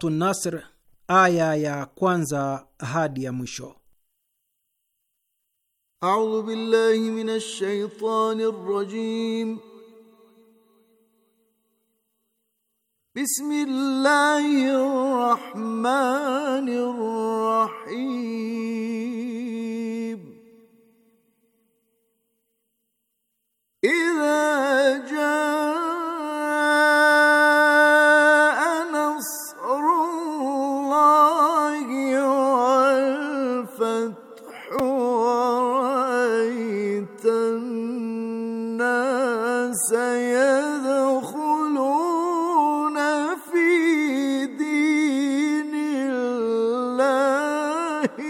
Suratu Nasr aya ya kwanza hadi ya mwisho. A'udhu billahi minash shaitani rajim. Bismillahir rahmanir rahim he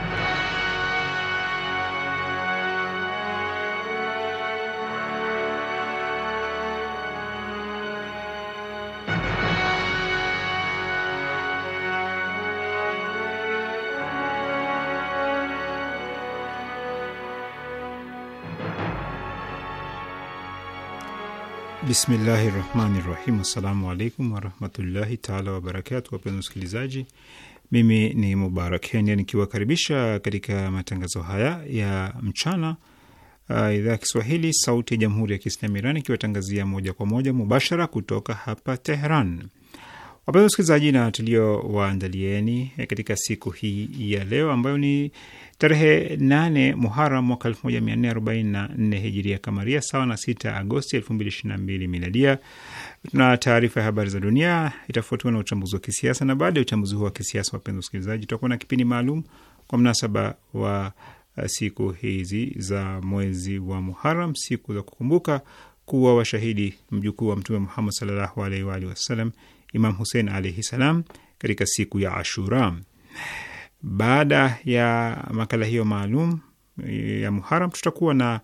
Bismillahi rahmani rahim. Assalamu alaikum warahmatullahi taala wabarakatu. Wapenzi wasikilizaji, mimi ni Mubarak Kenya nikiwakaribisha katika matangazo haya ya mchana uh, idhaa ya Kiswahili sauti ya jamhuri ya Kiislamu Iran ikiwatangazia moja kwa moja mubashara kutoka hapa Tehran. Wapenzi wasikilizaji, na tuliowaandalieni katika siku hii ya leo ambayo ni tarehe 8 Muharam mwaka 1444 hijiria kamaria, sawa na 6 Agosti 2022 miladia. Tuna taarifa ya habari za dunia, itafuatiwa na uchambuzi wa kisiasa, na baada ya uchambuzi huo wa kisiasa, wapenzi wasikilizaji, tutakuwa na kipindi maalum kwa mnasaba wa uh, siku hizi za mwezi wa Muharam, siku za kukumbuka kuwa washahidi mjukuu wa Mtume Muhammad sallallahu alaihi wa alihi wasallam Imam husein alaihi salam katika siku ya Ashura. Baada ya makala hiyo maalum eh, ya Muharam, tutakuwa na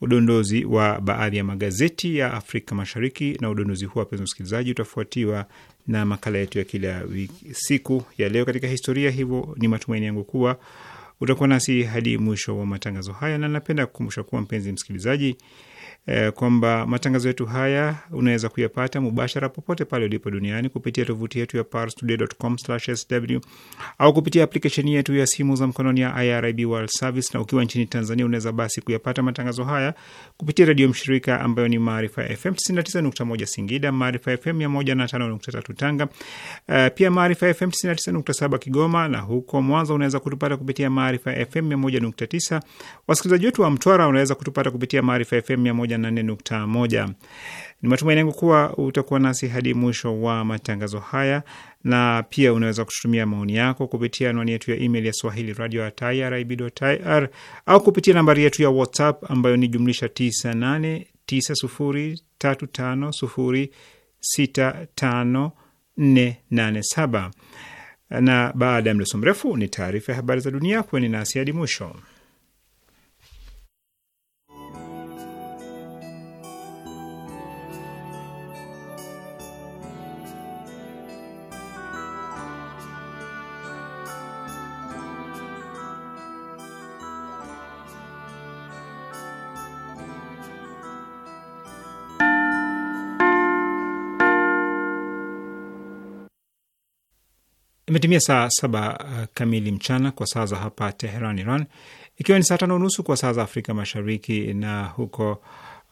udondozi wa baadhi ya magazeti ya Afrika Mashariki, na udondozi huu, wapenzi msikilizaji, utafuatiwa na makala yetu ya kila siku ya leo katika historia. Hivyo ni matumaini yangu kuwa utakuwa nasi hadi mwisho wa matangazo haya, na napenda kukumbusha kuwa mpenzi msikilizaji, eh, kwamba matangazo yetu haya unaweza kuyapata mubashara popote pale ulipo duniani kupitia tovuti yetu ya parstoday.com/sw au kupitia aplikesheni yetu ya simu za mkononi ya IRIB World Service, na ukiwa nchini Tanzania unaweza basi kuyapata matangazo haya kupitia redio mshirika ambayo ni Maarifa FM 99.1 Singida, Maarifa FM 105.3 Tanga, uh, pia Maarifa FM 99.7 Kigoma, na huko Mwanza unaweza kutupata kupitia Maarifa Maarifa FM 101.9. Wasikilizaji wetu wa Mtwara wanaweza kutupata kupitia Maarifa FM 104.1. Ni matumaini yangu kuwa utakuwa nasi hadi mwisho wa matangazo haya, na pia unaweza kututumia maoni yako kupitia anwani yetu ya email ya swahili radio at irib.ir au kupitia nambari yetu ya WhatsApp ambayo ni jumlisha 989035065487 na baada ya mdoso mrefu ni taarifa ya habari za dunia. kweni nasi hadi mwisho. Imetimia saa saba uh, kamili mchana kwa saa za hapa Teheran, Iran, ikiwa ni saa tano nusu kwa saa za Afrika Mashariki na huko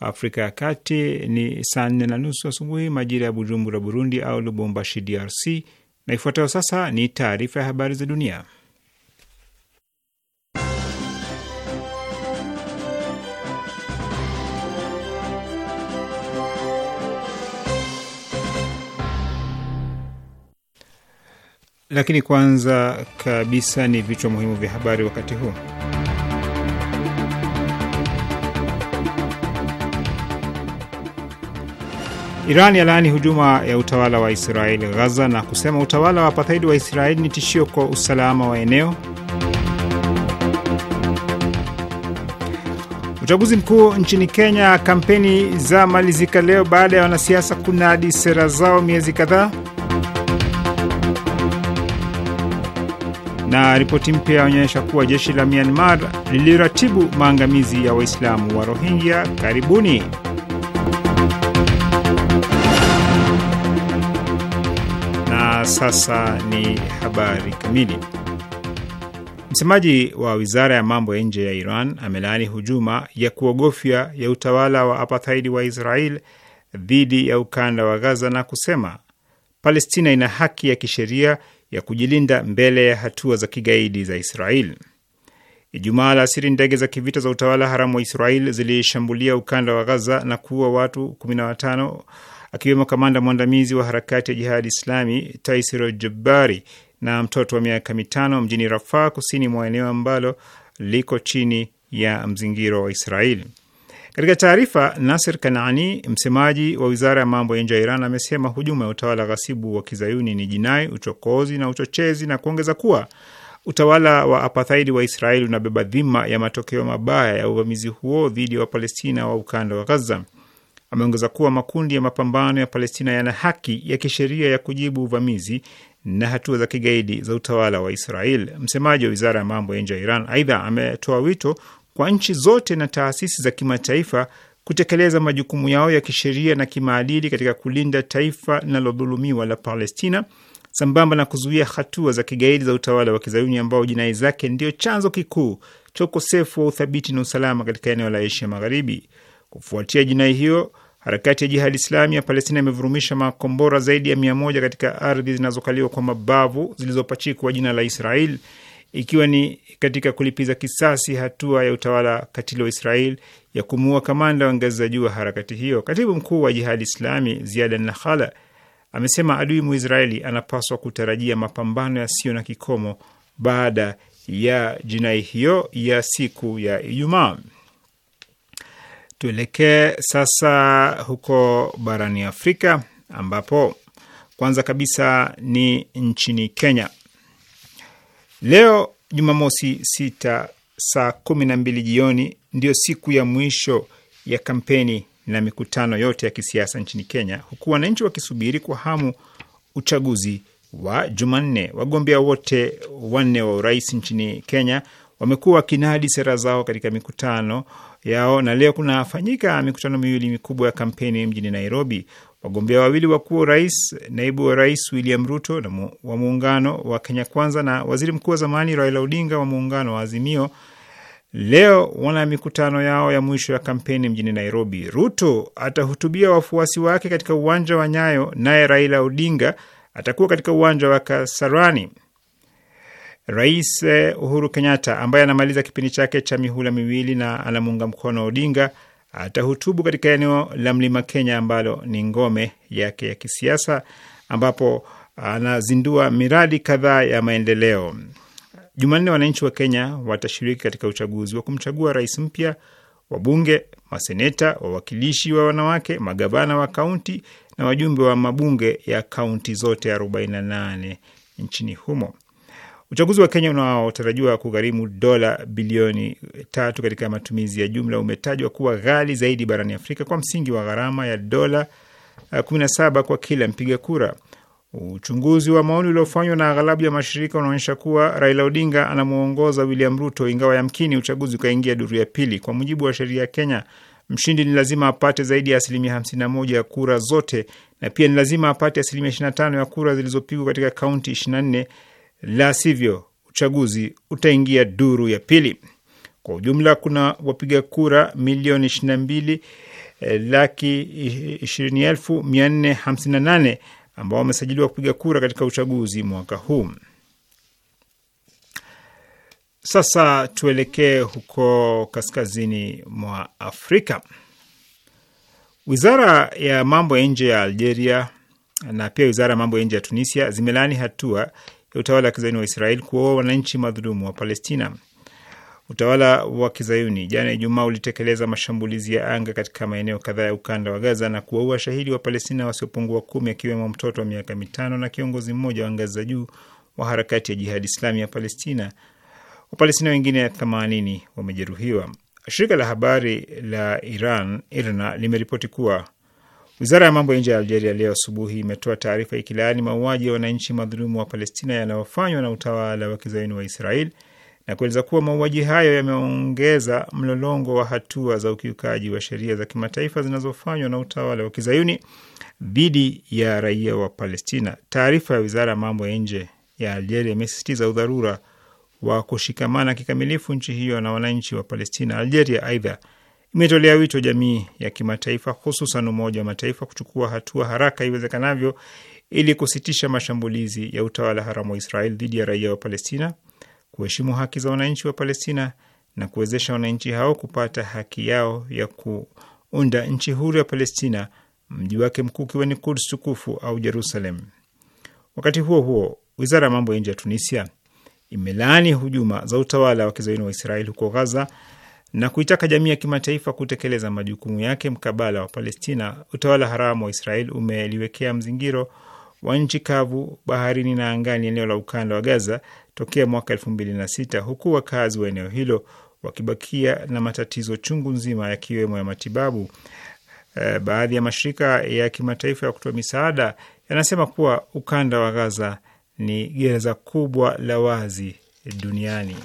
Afrika ya Kati ni saa nne na nusu asubuhi majira ya Bujumbura, Burundi, au Lubumbashi, DRC. Na ifuatayo sasa ni taarifa ya habari za dunia. Lakini kwanza kabisa ni vichwa muhimu vya habari wakati huu. Iran yalaani hujuma ya utawala wa Israeli Ghaza na kusema utawala wa pathaidi wa Israeli ni tishio kwa usalama wa eneo. Uchaguzi mkuu nchini Kenya, kampeni za malizika leo baada ya wanasiasa kunadi sera zao miezi kadhaa. na ripoti mpya yaonyesha kuwa jeshi la Myanmar liliratibu maangamizi ya Waislamu wa Rohingya. Karibuni. Na sasa ni habari kamili. Msemaji wa wizara ya mambo ya nje ya Iran amelaani hujuma ya kuogofya ya utawala wa apathaidi wa Israel dhidi ya ukanda wa Gaza na kusema Palestina ina haki ya kisheria ya kujilinda mbele ya hatua za kigaidi za Israel. Ijumaa alasiri, ndege za kivita za utawala haramu wa Israel zilishambulia ukanda wa Gaza na kuua watu 15 akiwemo kamanda mwandamizi wa harakati ya Jihadi Islami Taisir Jabari na mtoto wa miaka mitano mjini Rafaa, kusini mwa eneo ambalo liko chini ya mzingiro wa Israeli. Katika taarifa, nasir Kanani, msemaji wa wizara ya mambo ya nje ya Iran, amesema hujuma ya utawala ghasibu wa kizayuni ni jinai, uchokozi na uchochezi, na kuongeza kuwa utawala wa apathaidi wa Israeli unabeba dhima ya matokeo mabaya ya uvamizi huo dhidi ya wa Wapalestina wa ukanda wa Gaza. Ameongeza kuwa makundi ya mapambano ya Palestina yana haki ya kisheria ya kujibu uvamizi na hatua za kigaidi za utawala wa Israel. Msemaji wa wizara ya mambo ya nje ya Iran aidha ametoa wito kwa nchi zote na taasisi za kimataifa kutekeleza majukumu yao ya kisheria na kimaadili katika kulinda taifa linalodhulumiwa la Palestina sambamba na kuzuia hatua za kigaidi za utawala wa kizayuni ambao jinai zake ndio chanzo kikuu cha ukosefu wa uthabiti na usalama katika eneo la Asia Magharibi. Kufuatia jinai hiyo, harakati ya Jihadi Islami ya Palestina imevurumisha makombora zaidi ya mia moja katika ardhi zinazokaliwa kwa mabavu zilizopachikwa jina la Israel ikiwa ni katika kulipiza kisasi hatua ya utawala katili wa Israel ya kumuua kamanda wa ngazi za juu wa harakati hiyo. Katibu mkuu wa Jihadi Islami Ziada Nakhala amesema adui Muisraeli anapaswa kutarajia mapambano yasiyo na kikomo baada ya jinai hiyo ya siku ya Ijumaa. Tuelekee sasa huko barani Afrika ambapo kwanza kabisa ni nchini Kenya. Leo Jumamosi sita saa kumi na mbili jioni ndiyo siku ya mwisho ya kampeni na mikutano yote ya kisiasa nchini Kenya, huku wananchi wakisubiri kwa hamu uchaguzi wa Jumanne. Wagombea wote wanne wa urais nchini Kenya wamekuwa wakinadi sera zao katika mikutano yao, na leo kunafanyika mikutano miwili mikubwa ya kampeni mjini Nairobi. Wagombea wawili wakuu wa rais, naibu wa rais William Ruto na mu, wa muungano wa Kenya Kwanza na waziri mkuu wa zamani Raila Odinga wa muungano wa Azimio leo wana mikutano yao ya mwisho ya kampeni mjini Nairobi. Ruto atahutubia wafuasi wake katika uwanja wa Nyayo, naye Raila Odinga atakuwa katika uwanja wa Kasarani. Rais eh, Uhuru Kenyatta ambaye anamaliza kipindi chake cha mihula miwili na anamuunga mkono Odinga atahutubu katika eneo la mlima Kenya ambalo ni ngome yake ya kisiasa, ambapo anazindua miradi kadhaa ya maendeleo. Jumanne, wananchi wa Kenya watashiriki katika uchaguzi wa kumchagua rais mpya, wabunge, maseneta, wawakilishi wa wanawake, magavana wa kaunti na wajumbe wa mabunge ya kaunti zote 48 nchini humo. Uchaguzi wa Kenya unaotarajiwa kugharimu dola bilioni tatu katika matumizi ya jumla umetajwa kuwa ghali zaidi barani Afrika kwa msingi wa gharama ya dola 17 eh, kwa kila mpiga kura. Uchunguzi wa maoni uliofanywa na aghalabu ya mashirika unaonyesha kuwa Raila Odinga anamwongoza William Ruto, ingawa yamkini uchaguzi ukaingia duru ya pili. Kwa mujibu wa sheria ya Kenya, mshindi ni lazima apate zaidi ya asilimia 51 ya kura zote na pia ni lazima apate asilimia 25 ya kura zilizopigwa katika kaunti 24 la sivyo uchaguzi utaingia duru ya pili. Kwa ujumla kuna wapiga kura milioni 22 eh, laki 20,458 ambao wamesajiliwa kupiga kura katika uchaguzi mwaka huu. Sasa tuelekee huko kaskazini mwa Afrika. Wizara ya mambo ya nje ya Algeria na pia wizara ya mambo ya nje ya Tunisia zimelaani hatua ya utawala wa kizayuni wa Israel kuwaua wananchi madhulumu wa Palestina. Utawala wa kizayuni jana Ijumaa ulitekeleza mashambulizi ya anga katika maeneo kadhaa ya ukanda wa Gaza na kuwaua shahidi wa Palestina wasiopungua kumi, akiwemo mtoto wa miaka mitano na kiongozi mmoja wa ngazi za juu wa harakati ya Jihadi Islami ya Palestina. Wapalestina wengine 80 wamejeruhiwa. Shirika la habari la Iran IRNA limeripoti kuwa Wizara ya mambo ya nje ya Algeria leo asubuhi imetoa taarifa ikilaani mauaji ya wananchi madhulumu wa Palestina yanayofanywa na utawala wa kizayuni wa Israel na kueleza kuwa mauaji hayo yameongeza mlolongo wa hatua za ukiukaji wa sheria za kimataifa zinazofanywa na utawala wa kizayuni dhidi ya raia wa Palestina. Taarifa ya wizara ya mambo ya nje ya Algeria imesisitiza udharura wa kushikamana kikamilifu nchi hiyo na wananchi wa Palestina. Algeria aidha imetolea wito jamii ya kimataifa, hususan Umoja wa Mataifa kuchukua hatua haraka iwezekanavyo ili kusitisha mashambulizi ya utawala haramu wa Israel dhidi ya raia wa Palestina, kuheshimu haki za wananchi wa Palestina na kuwezesha wananchi hao kupata haki yao ya kuunda nchi huru ya Palestina, mji wake mkuu ukiwa ni Kuds tukufu au Jerusalem. Wakati huo huo, wizara ya mambo ya nje ya Tunisia imelaani hujuma za utawala wa kizayuni wa Israeli huko ghaza na kuitaka jamii ya kimataifa kutekeleza majukumu yake mkabala wa Palestina. Utawala haramu wa Israel umeliwekea mzingiro wa nchi kavu, baharini na angani eneo la ukanda wa Gaza tokea mwaka elfu mbili na sita huku wakazi wa eneo hilo wakibakia na matatizo chungu nzima yakiwemo ya matibabu. E, baadhi ya mashirika ya kimataifa ya kutoa misaada yanasema kuwa ukanda wa Gaza ni gereza kubwa la wazi duniani.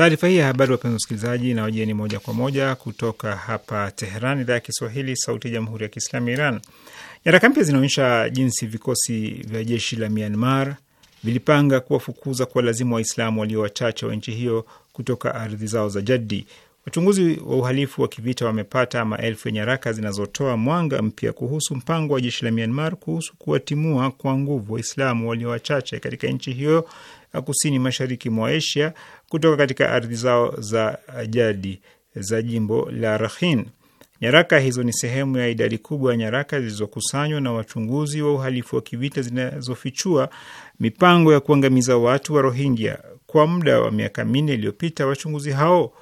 Taarifa hii ya habari, wapenzi wasikilizaji, na wajieni moja kwa moja kutoka hapa Teheran, idhaa ya Kiswahili, sauti ya jamhuri ya kiislamu ya Iran. Nyaraka mpya zinaonyesha jinsi vikosi vya jeshi la Myanmar vilipanga kuwafukuza kwa lazima Waislamu walio wachache wa nchi hiyo kutoka ardhi zao za jadi. Wachunguzi wa uhalifu wa kivita wamepata maelfu ya nyaraka zinazotoa mwanga mpya kuhusu mpango wa jeshi la Myanmar kuhusu kuwatimua kwa nguvu Waislamu walio wachache katika nchi hiyo kusini mashariki mwa Asia kutoka katika ardhi zao za jadi za jimbo la Rakhine. Nyaraka hizo ni sehemu ya idadi kubwa ya nyaraka zilizokusanywa na wachunguzi wa uhalifu wa kivita zinazofichua mipango ya kuangamiza watu wa Rohingya. Kwa muda wa miaka minne iliyopita, wachunguzi hao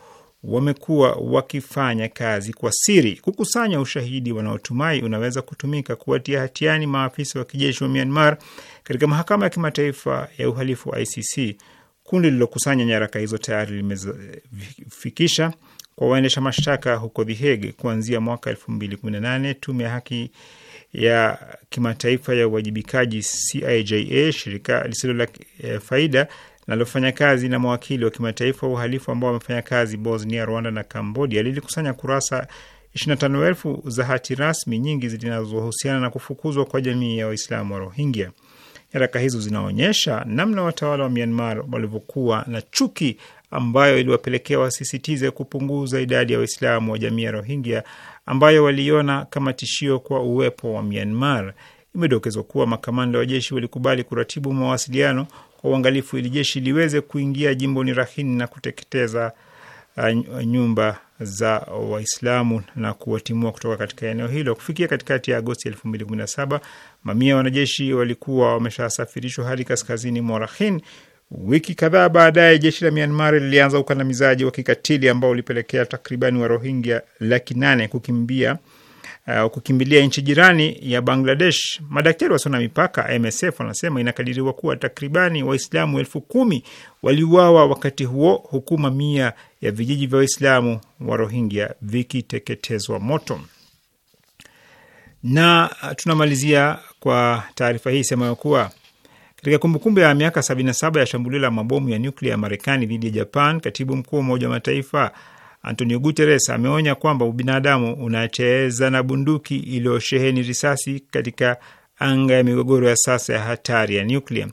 wamekuwa wakifanya kazi kwa siri. Kukusanya ushahidi wanaotumai unaweza kutumika kuwatia hatiani maafisa wa kijeshi wa Myanmar katika mahakama ya kimataifa ya uhalifu wa ICC. Kundi lililokusanya nyaraka hizo tayari limefikisha kwa waendesha mashtaka huko The Hague. Kuanzia mwaka 2018 tume ya haki ya kimataifa ya uwajibikaji CIJA, shirika lisilo la eh, faida linalofanya kazi na mawakili wa kimataifa wa uhalifu ambao wamefanya kazi Bosnia, Rwanda na Kambodia lilikusanya kurasa 25,000 za hati rasmi nyingi zinazohusiana na kufukuzwa kwa jamii ya Waislamu wa Rohingya. Nyaraka hizo zinaonyesha namna watawala wa Myanmar walivyokuwa na chuki ambayo iliwapelekea wasisitize kupunguza idadi ya Waislamu wa jamii ya Rohingya ambayo waliona kama tishio kwa uwepo wa Myanmar. Imedokezwa kuwa makamanda wa jeshi walikubali kuratibu mawasiliano kwa uangalifu ili jeshi liweze kuingia jimboni Rakhine na kuteketeza uh, nyumba za Waislamu na kuwatimua kutoka katika eneo hilo. Kufikia katikati ya Agosti 2017 mamia ya wanajeshi walikuwa wameshasafirishwa hadi kaskazini mwa Rakhine. Wiki kadhaa baadaye jeshi la Myanmar lilianza ukandamizaji wa kikatili ambao ulipelekea takribani wa Rohingya laki nane kukimbia uh, kukimbilia nchi jirani ya Bangladesh. Madaktari wasio na mipaka MSF wanasema inakadiriwa kuwa takribani Waislamu elfu kumi waliuawa wakati huo, huku mamia ya vijiji vya Waislamu wa Rohingya vikiteketezwa moto. Na eh, tunamalizia kwa taarifa hii semayo kuwa katika kumbukumbu ya miaka 77 ya shambulio la mabomu ya nyuklia ya Marekani dhidi ya Japan, katibu mkuu wa Umoja wa Mataifa Antonio Guterres ameonya kwamba ubinadamu unacheza na bunduki iliyosheheni risasi katika anga ya migogoro ya sasa ya hatari ya nyuklia.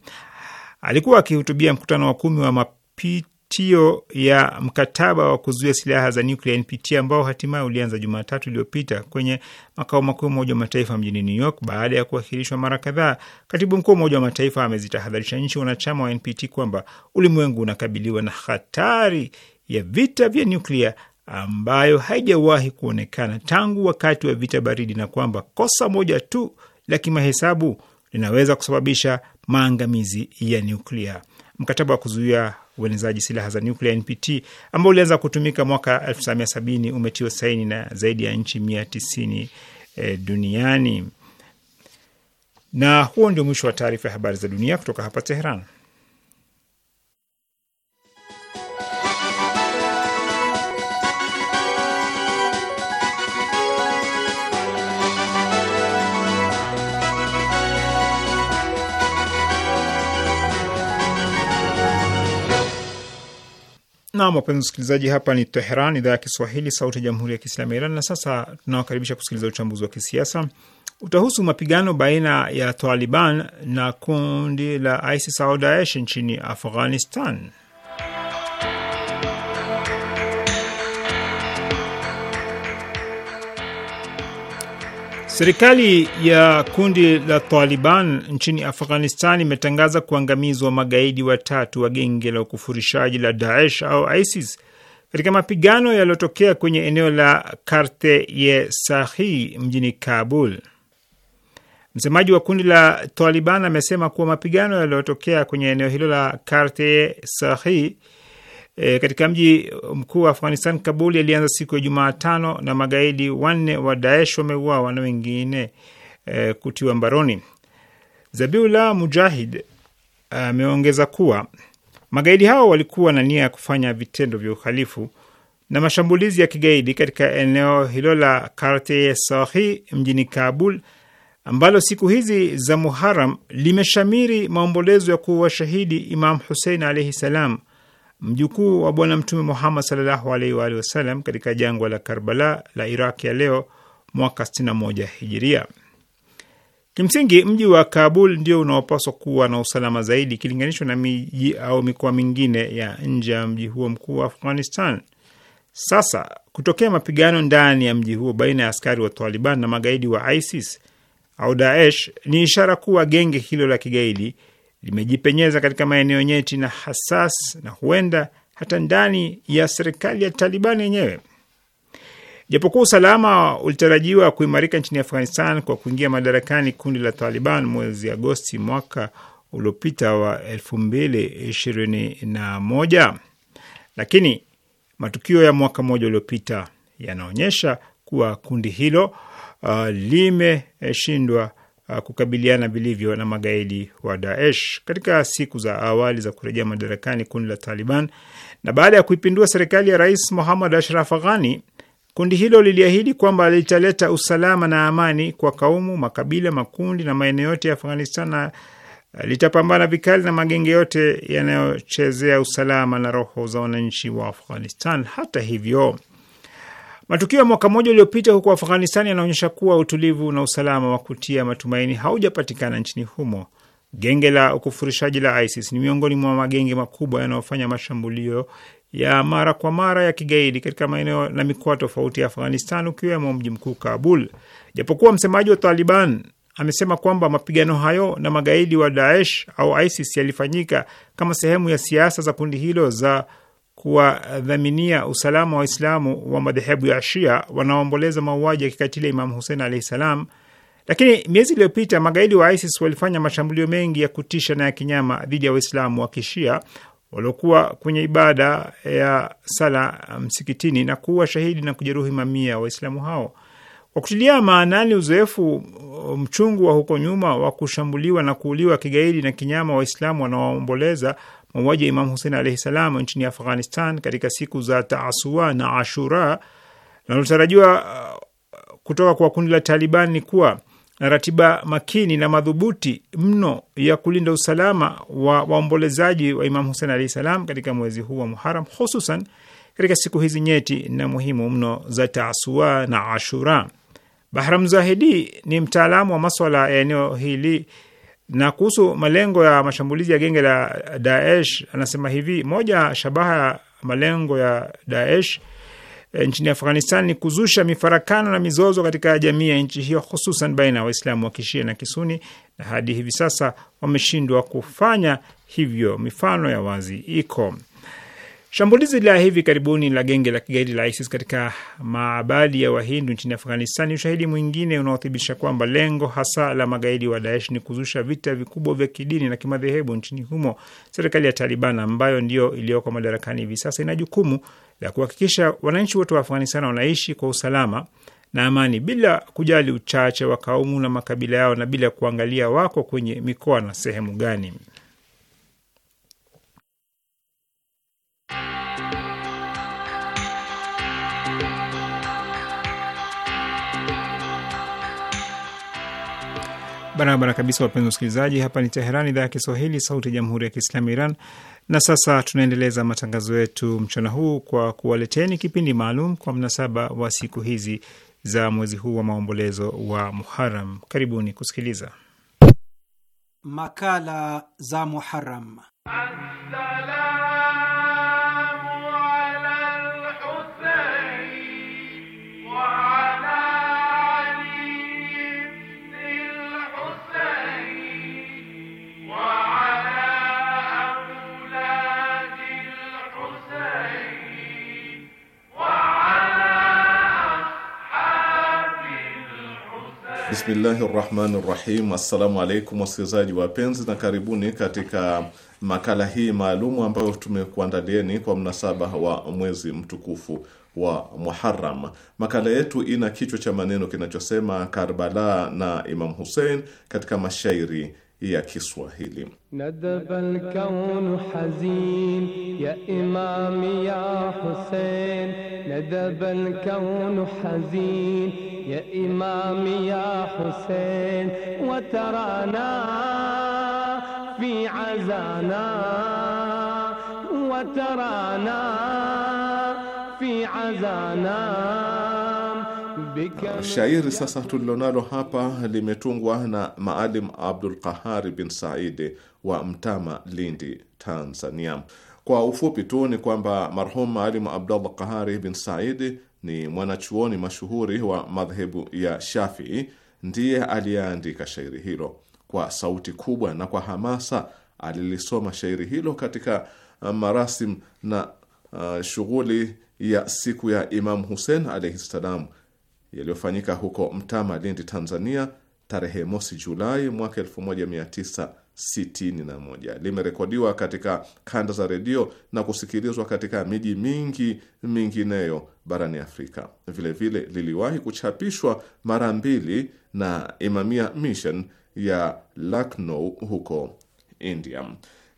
Alikuwa akihutubia mkutano wa kumi wa mapitio ya mkataba wa kuzuia silaha za nyuklia NPT ambao hatimaye ulianza Jumatatu iliyopita kwenye makao makuu ya Umoja wa Mataifa mjini New York baada ya kuahirishwa mara kadhaa. Katibu mkuu wa Umoja wa Mataifa amezitahadharisha nchi wanachama wa NPT kwamba ulimwengu unakabiliwa na hatari ya vita vya nyuklia ambayo haijawahi kuonekana tangu wakati wa vita baridi, na kwamba kosa moja tu la kimahesabu linaweza kusababisha maangamizi ya nyuklia. Mkataba wa kuzuia uenezaji silaha za nyuklia NPT ambao ulianza kutumika mwaka 1970 umetiwa saini na zaidi ya nchi 190 eh, duniani. Na huo ndio mwisho wa taarifa ya habari za dunia kutoka hapa Teheran. Nam, wapenzi msikilizaji, hapa ni Teheran, idhaa ya Kiswahili, sauti ya jamhuri ya kiislamu ya Iran. Na sasa tunawakaribisha kusikiliza uchambuzi wa kisiasa. Utahusu mapigano baina ya Taliban na kundi la ISIS au Daesh nchini Afghanistan. Serikali ya kundi la Taliban nchini Afghanistan imetangaza kuangamizwa magaidi watatu wa genge la ukufurishaji la Daesh au ISIS katika mapigano yaliyotokea kwenye eneo la Karte ye Sahi mjini Kabul. Msemaji wa kundi la Taliban amesema kuwa mapigano yaliyotokea kwenye eneo hilo la Karte ye Sahi E, katika mji mkuu wa Afghanistan Kabul yalianza siku ya Jumatano na magaidi wanne wa Daesh wameuawa na wengine e, kutiwa mbaroni. Zabiullah Mujahid ameongeza kuwa magaidi hao walikuwa na nia ya kufanya vitendo vya uhalifu na mashambulizi ya kigaidi katika eneo hilo la Kartie Sahi mjini Kabul ambalo siku hizi za Muharam limeshamiri maombolezo ya kuwa shahidi Imam Husein alaihi salam mjukuu wa Bwana Mtume Muhammad sallallahu alaihi wasallam katika jangwa la Karbala la Iraq ya leo mwaka 61 hijiria. Kimsingi, mji wa Kabul ndio unaopaswa kuwa na usalama zaidi ikilinganishwa na miji au mikoa mingine ya nje ya mji huo mkuu wa Afghanistan. Sasa kutokea mapigano ndani ya mji huo baina ya askari wa Taliban na magaidi wa ISIS au Daesh ni ishara kuwa genge hilo la kigaidi limejipenyeza katika maeneo nyeti na hasas na huenda hata ndani ya serikali ya Taliban yenyewe. Japokuwa usalama ulitarajiwa kuimarika nchini Afghanistan kwa kuingia madarakani kundi la Taliban mwezi Agosti mwaka uliopita wa elfu mbili ishirini na moja, lakini matukio ya mwaka mmoja uliopita yanaonyesha kuwa kundi hilo uh, limeshindwa Uh, kukabiliana vilivyo na magaidi wa Daesh. Katika siku za awali za kurejea madarakani kundi la Taliban na baada ya kuipindua serikali ya Rais muhammad Ashraf Ghani, kundi hilo liliahidi kwamba litaleta usalama na amani kwa kaumu, makabila, makundi na maeneo yote ya Afghanistan na uh, litapambana vikali na magenge yote yanayochezea usalama na roho za wananchi wa Afghanistan. Hata hivyo Matukio ya mwaka mmoja uliopita huko Afghanistani yanaonyesha kuwa utulivu na usalama wa kutia matumaini haujapatikana nchini humo. Genge la ukufurishaji la ISIS ni miongoni mwa magenge makubwa yanayofanya mashambulio ya mara kwa mara ya kigaidi katika maeneo na mikoa tofauti ya Afghanistan ukiwemo mji mkuu Kabul. Japokuwa msemaji wa Taliban amesema kwamba mapigano hayo na magaidi wa Daesh au ISIS yalifanyika kama sehemu ya siasa za kundi hilo za kuwadhaminia usalama wa Waislamu wa madhehebu ya Shia wanaoomboleza mauaji ya kikatili ya Imamu Husein alahi salam. Lakini miezi iliyopita magaidi wa ISIS walifanya mashambulio mengi ya kutisha na ya kinyama dhidi ya Waislamu wa kishia waliokuwa kwenye ibada ya sala um, msikitini na kuwa shahidi na kujeruhi mamia ya Waislamu hao. Kwa kutilia maanani uzoefu um, mchungu wa huko nyuma wa kushambuliwa na kuuliwa kigaidi na kinyama Waislamu wanaoomboleza Mauaji ya Imam Husein alaihi salam nchini Afghanistan katika siku za Taasua na Ashura linalotarajiwa uh, kutoka kwa kundi la Taliban ni kuwa na ratiba makini na madhubuti mno ya kulinda usalama wa waombolezaji wa Imam Husein alaihi salam katika mwezi huu wa Muharam, hususan katika siku hizi nyeti na muhimu mno za Taasua na Ashura. Bahram Zahidi ni mtaalamu wa maswala ya eneo hili na kuhusu malengo ya mashambulizi ya genge la Daesh anasema hivi: moja, shabaha ya malengo ya Daesh eh, nchini Afghanistan ni kuzusha mifarakano na mizozo katika jamii ya nchi hiyo, hususan baina ya Waislamu wa kishia na kisuni, na hadi hivi sasa wameshindwa kufanya hivyo. Mifano ya wazi iko. Shambulizi la hivi karibuni la genge la kigaidi la ISIS katika maabadi ya Wahindu nchini Afghanistan ni ushahidi mwingine unaothibitisha kwamba lengo hasa la magaidi wa Daesh ni kuzusha vita vikubwa vya kidini na kimadhehebu nchini humo. Serikali ya Taliban ambayo ndiyo iliyoko madarakani hivi sasa ina jukumu la kuhakikisha wananchi wote wa Afghanistan wanaishi kwa usalama na amani bila kujali uchache wa kaumu na makabila yao na bila kuangalia wako kwenye mikoa na sehemu gani. Barabara kabisa, wapenzi wasikilizaji, hapa ni teheran idhaa ya Kiswahili, sauti ya jamhuri ya kiislamu Iran. Na sasa tunaendeleza matangazo yetu mchana huu kwa kuwaleteni kipindi maalum kwa mnasaba wa siku hizi za mwezi huu wa maombolezo wa Muharam. Karibuni kusikiliza makala za Muharam. Bismillahi rahmani rahim. Assalamu alaikum wasikilizaji wapenzi, na karibuni katika makala hii maalumu ambayo tumekuandalieni kwa mnasaba wa mwezi mtukufu wa Muharram. Makala yetu ina kichwa cha maneno kinachosema Karbala na Imam Hussein katika mashairi ya Kiswahili. Nadaba alkaunu hazin ya imami ya Hussein, nadaba alkaunu hazin ya imami ya Hussein, wa tarana fi azana, wa tarana في عزانا Shairi sasa tulilonalo hapa limetungwa na Maalim Abdul Qahari bin Saidi wa Mtama, Lindi, Tanzania. Kwa ufupi tu ni kwamba marhum Maalim Abdullah Qahari bin Saidi ni mwanachuoni mashuhuri wa madhehebu ya Shafii, ndiye aliyeandika shairi hilo. Kwa sauti kubwa na kwa hamasa alilisoma shairi hilo katika uh, marasim na uh, shughuli ya siku ya imam husen alaihi ssalam yaliyofanyika huko Mtama, Lindi, Tanzania tarehe mosi Julai mwaka 1961 limerekodiwa katika kanda za redio na kusikilizwa katika miji mingi mingineyo barani Afrika. Vilevile vile, liliwahi kuchapishwa mara mbili na Imamia Mission ya Lucknow huko India.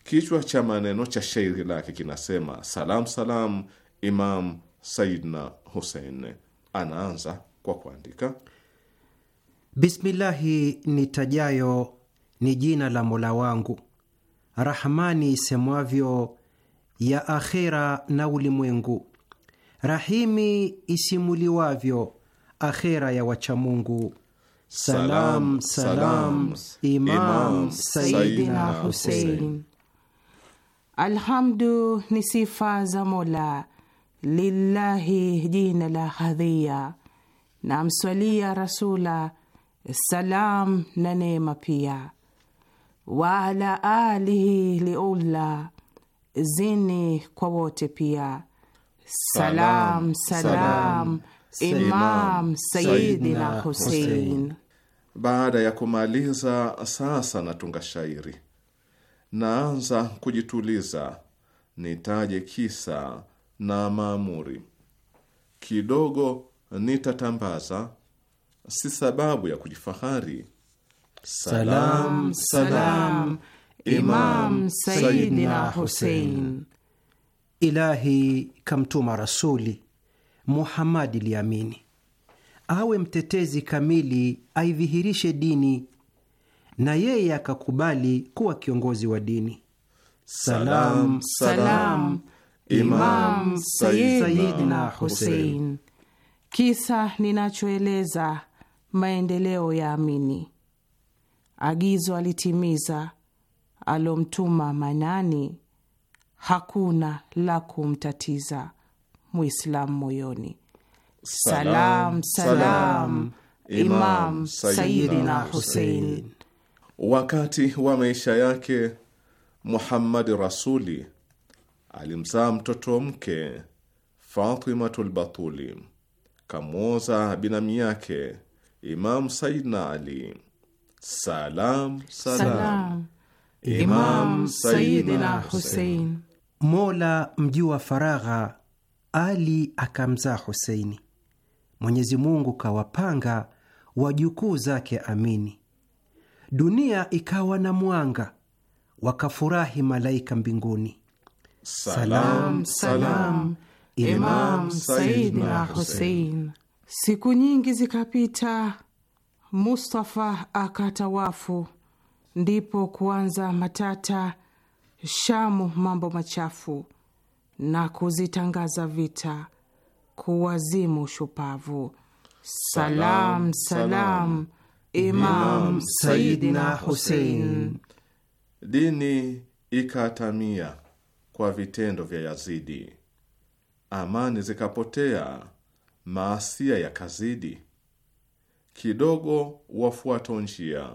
Kichwa cha maneno cha shairi lake kinasema: salam salam Imam Saidna Hussein. Anaanza kwa kuandika: Bismillahi nitajayo ni jina la Mola wangu, Rahmani isemwavyo ya akhera na ulimwengu, Rahimi isimuliwavyo akhera ya wachamungu. Salam, salam, Imam Saidina Husein. Alhamdu ni sifa za Mola, lillahi jina la hadhia namswalia rasula salam na neema pia, waala alihi liulla zini kwa wote pia, salam salam, salam Imam Sayidina Husein. Baada ya kumaliza sasa, natunga shairi, naanza kujituliza, nitaje kisa na maamuri kidogo nitatambaza, si sababu ya kujifahari. Salam, salam, Imam Sayyidina Husein. Ilahi kamtuma rasuli Muhammadi liamini, awe mtetezi kamili, aidhihirishe dini na yeye akakubali kuwa kiongozi wa dini. Salam, salam, Imam Sayyidina Husein. Kisa ninachoeleza maendeleo ya amini. Agizo alitimiza alomtuma Manani, hakuna la kumtatiza Muislamu moyoni. Salam, salam, salam Imam Sayidina Husein. Wakati wa maisha yake Muhammad Rasuli alimzaa mtoto mke Fatimatul Batuli kamwoza binamu yake Imam Saidna Ali. Salam, salam, salam. Imam Husein. Mola mjua faragha, Ali akamzaa Huseini. Mwenyezi Mungu kawapanga wajukuu zake amini. Dunia ikawa na mwanga, wakafurahi malaika mbinguni. Salam, salam, salam. Imam Said na Husein. Siku nyingi zikapita, Mustafa akatawafu, ndipo kuanza matata Shamu, mambo machafu na kuzitangaza vita, kuwazimu shupavu. Salam, salam, salam Imam Saidina Husein. Dini ikatamia kwa vitendo vya Yazidi amani zikapotea, maasia yakazidi, kidogo wafuato njia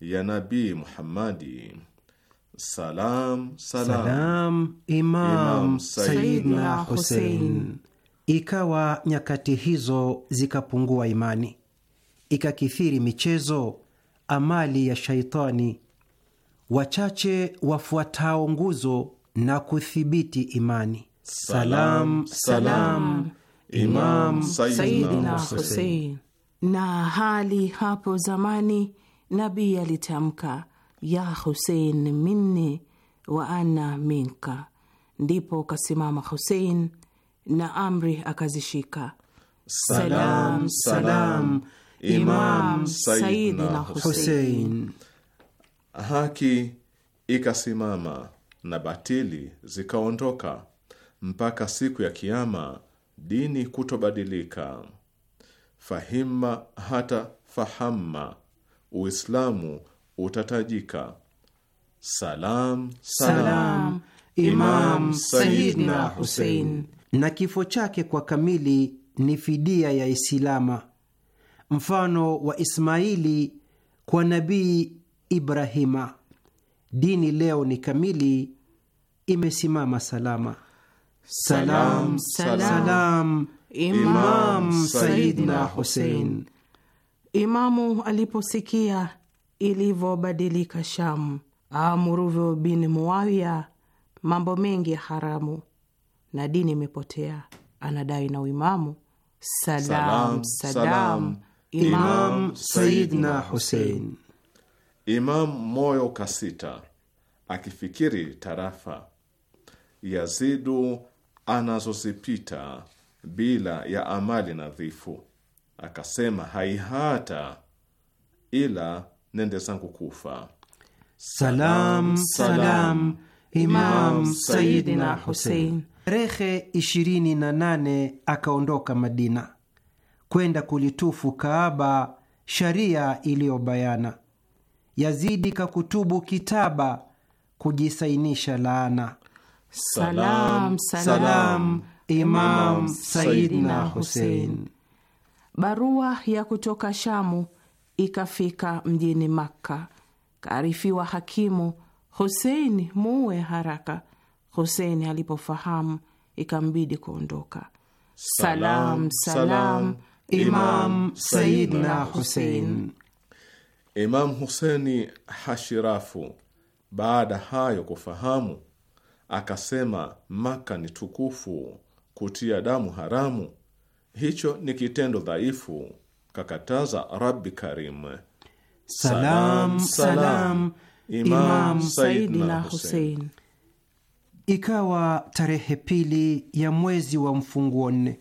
ya Nabii Muhammadi salam, salam, salam, Imam, Imam Saidna Husein. Ikawa nyakati hizo zikapungua imani, ikakithiri michezo, amali ya shaitani, wachache wafuatao nguzo na kuthibiti imani Salam, salam, Imam Saidina Husein. Na hali hapo zamani Nabii alitamka ya Husein minni wa ana minka, ndipo kasimama Husein na amri akazishika. Salam, salam, Imam Saidina Husein. Haki ikasimama na batili zikaondoka mpaka siku ya kiama dini kutobadilika. Fahimma hata fahamma, Uislamu utatajika. Salam salam, salam Imam Sayyidina Husein. Na kifo chake kwa kamili ni fidia ya Isilama, mfano wa Ismaili kwa Nabii Ibrahima. Dini leo ni kamili, imesimama salama. Salam, salam, salam Imam Saidina Husein. Imamu aliposikia ilivyobadilika Sham amruvyo bin Muawiya mambo mengi ya haramu na dini imepotea, anadai na uimamu. Salam, salam, salam Imam Saidina Husein. Imam moyo kasita, akifikiri tarafa Yazidu anazozipita bila ya amali nadhifu. Akasema, haihata ila nende zangu kufa. Salam, salam, Imam Sayidina Husein. Tarehe 28 akaondoka Madina kwenda kulitufu Kaaba, sharia iliyobayana. Yazidi kakutubu kitaba kujisainisha laana Salam, salam, Imam Saidna Husein. Barua ya kutoka Shamu ikafika mjini Makka. Kaarifiwa hakimu, Husein muue haraka. Husein alipofahamu ikambidi kuondoka. Salam, salam, Imam Saidna Husein. Imam Huseini hashirafu baada hayo kufahamu akasema Maka ni tukufu, kutia damu haramu, hicho ni kitendo dhaifu, kakataza Rabbi Karim. Salam, salam, salam Imam Husein. Ikawa tarehe pili ya mwezi wa mfunguo nne,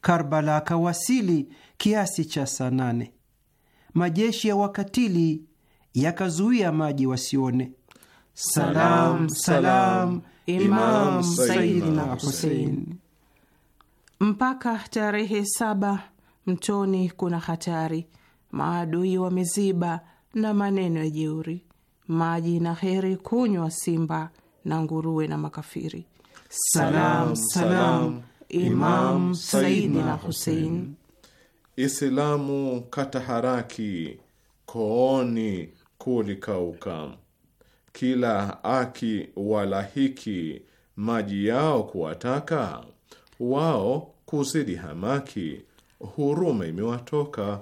Karbala akawasili kiasi cha saa nane. Majeshi ya wakatili yakazuia maji wasione. Salam, salam, Imam Saidina Husein. Mpaka tarehe saba mtoni kuna hatari, maadui wameziba na maneno ya jeuri, maji na heri kunywa simba na nguruwe na makafiri. Salam, salam, Imam Saidina Husein. Islamu kataharaki, kooni kulikauka kila akiwalahiki maji yao kuwataka wao kuzidi hamaki, huruma imewatoka.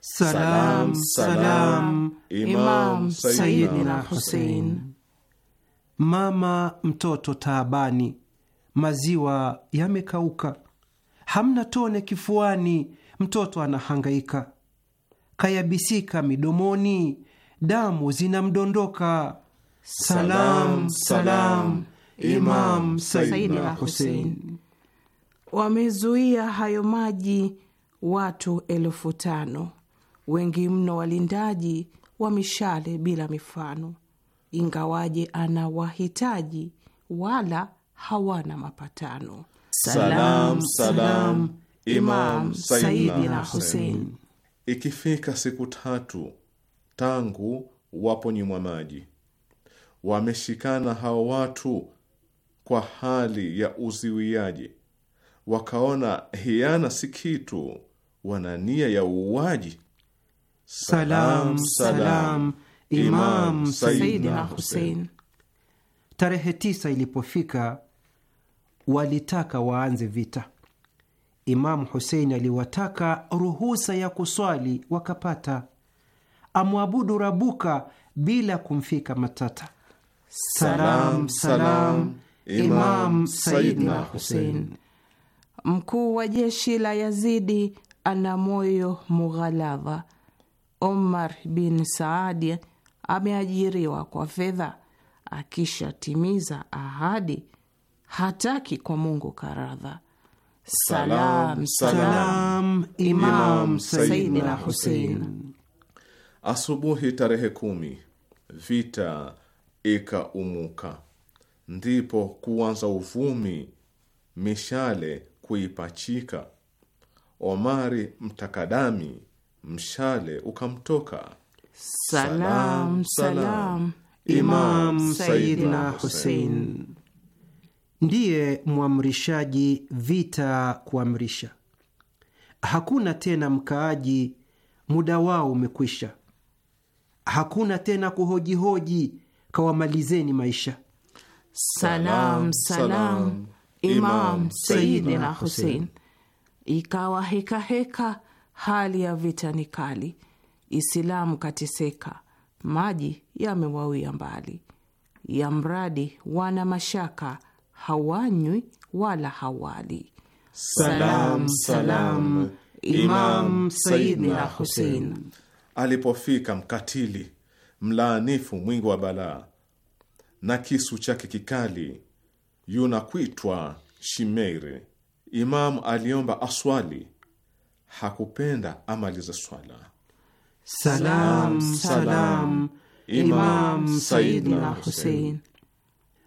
Salam, salam, Imam Husein. Mama mtoto taabani, maziwa yamekauka, hamna tone kifuani, mtoto anahangaika, kayabisika midomoni, damu zinamdondoka Salam, salam, Imam Saidna Husein. Wamezuia hayo maji watu elfu tano, wengi mno walindaji wa mishale bila mifano, ingawaje ana wahitaji wala hawana mapatano. Salam, salam, Imam Saidna Husein. Ikifika siku tatu tangu wapo nyimwa maji wameshikana hao watu kwa hali ya uziwiaji, wakaona hiana si kitu, wana nia ya uuaji. Salam, salam Imam Saidina Husein. Tarehe tisa ilipofika, walitaka waanze vita. Imamu Husein aliwataka ruhusa ya kuswali, wakapata. Amwabudu Rabuka bila kumfika matata. Salam salam Imam Saidna Husein. Mkuu wa jeshi la Yazidi ana moyo mughalava. Omar bin Saadi ameajiriwa kwa fedha, akishatimiza ahadi hataki kwa Mungu karadha. Salam salam Imam Saidna Husein. Asubuhi tarehe kumi, vita ikaumuka, ndipo kuanza uvumi mishale kuipachika. Omari mtakadami mshale ukamtoka. Salam salam, Imam Saidina Husein ndiye mwamrishaji vita kuamrisha, hakuna tena mkaaji, muda wao umekwisha, hakuna tena kuhojihoji kawamalizeni maisha. Salam salam, Imam Sayidina Husein. Ikawa heka heka, hali ya vita ni kali. Isilamu kateseka, maji yamewawia mbali, ya mradi wana mashaka, hawanywi wala hawali. Salam salam, Imam Sayidina Husein. Alipofika mkatili mlaanifu mwingi wa balaa, na kisu chake kikali yunakwitwa shimeiri Imamu aliomba aswali, hakupenda amalize swala. Salam, salam, Imam Saidna Husein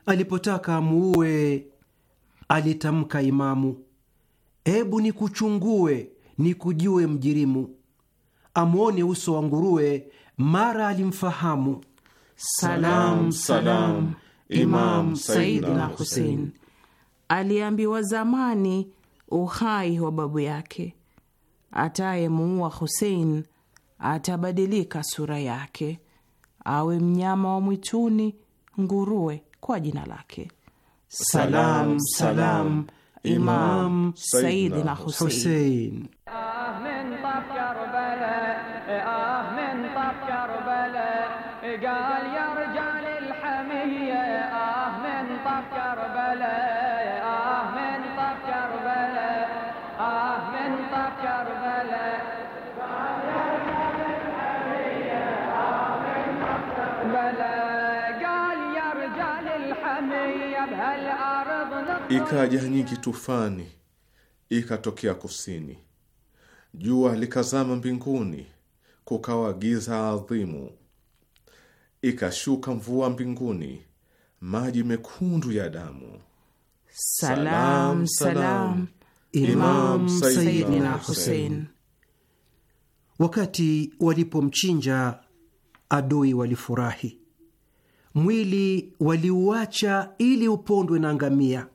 alipotaka muue, alitamka Imamu, hebu nikuchungue nikujue mjirimu, amwone uso wa nguruwe mara alimfahamu salam salam Imam Saidina Husein aliambiwa zamani uhai wa babu yake, atayemuua Husein atabadilika sura yake awe mnyama wa mwituni, nguruwe kwa jina lake. Salam salam Imam Saidina Husein. قال يا رجال الحمية آه من طف كربلاء آه من طف كربلاء آه من طف كربلاء Ikaja nyingi tufani, ikatokea kusini, jua likazama mbinguni, kukawa giza adhimu ikashuka mvua mbinguni, maji mekundu ya damu. Salam, salam, Imam Sayyidina Husein. Wakati walipomchinja adui walifurahi, mwili waliuacha ili upondwe na ngamia,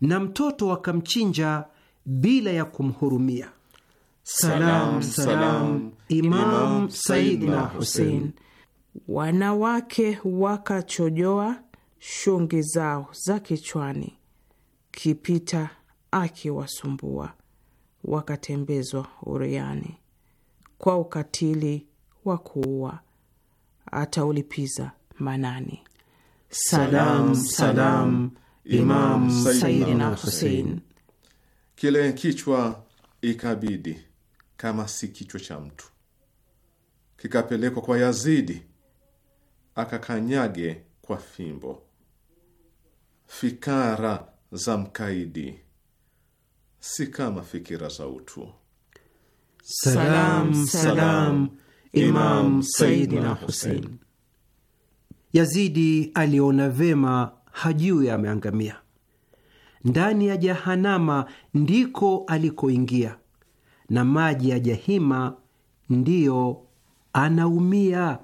na mtoto wakamchinja bila ya kumhurumia. Salam, salam, Imam Sayyidina Husein. Wanawake wakachojoa shungi zao za kichwani, Kipita akiwasumbua, wakatembezwa uriani kwa ukatili wa kuua, ataulipiza Manani. Salam, salam, Imam Saidi Husein. Kile kichwa ikabidi kama si kichwa cha mtu kikapelekwa kwa Yazidi akakanyage kwa fimbo. Fikara za mkaidi si kama fikira za utu. Salam, salam, Imam Saidina Husein. Yazidi aliona vema hajui ameangamia. Ndani ya jahanama ndiko alikoingia, na maji ya jahima ndiyo anaumia.